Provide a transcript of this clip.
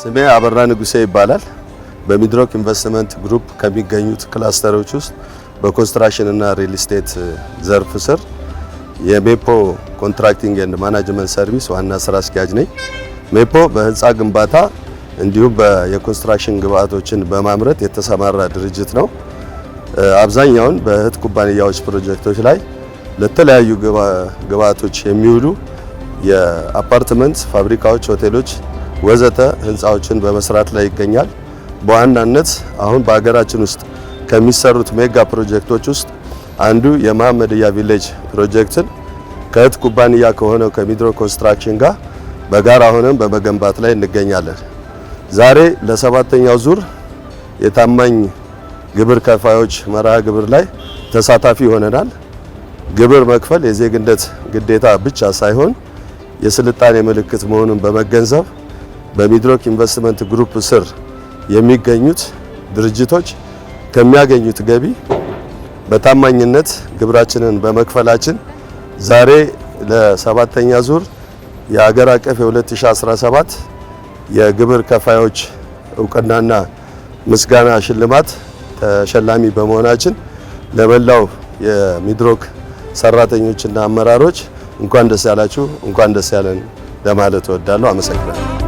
ስሜ አበራ ንጉሴ ይባላል። በሚድሮክ ኢንቨስትመንት ግሩፕ ከሚገኙት ክላስተሮች ውስጥ በኮንስትራክሽን እና ሪል ስቴት ዘርፍ ስር የሜፖ ኮንትራክቲንግ ኤንድ ማናጅመንት ሰርቪስ ዋና ስራ አስኪያጅ ነኝ። ሜፖ በህንፃ ግንባታ እንዲሁም የኮንስትራክሽን ግብአቶችን በማምረት የተሰማራ ድርጅት ነው። አብዛኛውን በእህት ኩባንያዎች ፕሮጀክቶች ላይ ለተለያዩ ግብአቶች የሚውሉ የአፓርትመንት ፋብሪካዎች፣ ሆቴሎች ወዘተ ህንፃዎችን በመስራት ላይ ይገኛል። በዋናነት አሁን በሀገራችን ውስጥ ከሚሰሩት ሜጋ ፕሮጀክቶች ውስጥ አንዱ የመሀመድያ ቪሌጅ ፕሮጀክትን ከእህት ኩባንያ ከሆነው ከሚድሮ ኮንስትራክሽን ጋር በጋራ አሁንም በመገንባት ላይ እንገኛለን። ዛሬ ለሰባተኛው ዙር የታማኝ ግብር ከፋዮች መርሃ ግብር ላይ ተሳታፊ ሆነናል። ግብር መክፈል የዜግነት ግዴታ ብቻ ሳይሆን የስልጣኔ ምልክት መሆኑን በመገንዘብ በሚድሮክ ኢንቨስትመንት ግሩፕ ስር የሚገኙት ድርጅቶች ከሚያገኙት ገቢ በታማኝነት ግብራችንን በመክፈላችን ዛሬ ለሰባተኛ ዙር የሀገር አቀፍ የ2017 የግብር ከፋዮች እውቅናና ምስጋና ሽልማት ተሸላሚ በመሆናችን ለመላው የሚድሮክ ሰራተኞችና አመራሮች እንኳን ደስ ያላችሁ፣ እንኳን ደስ ያለን ለማለት እወዳለሁ። አመሰግናለሁ።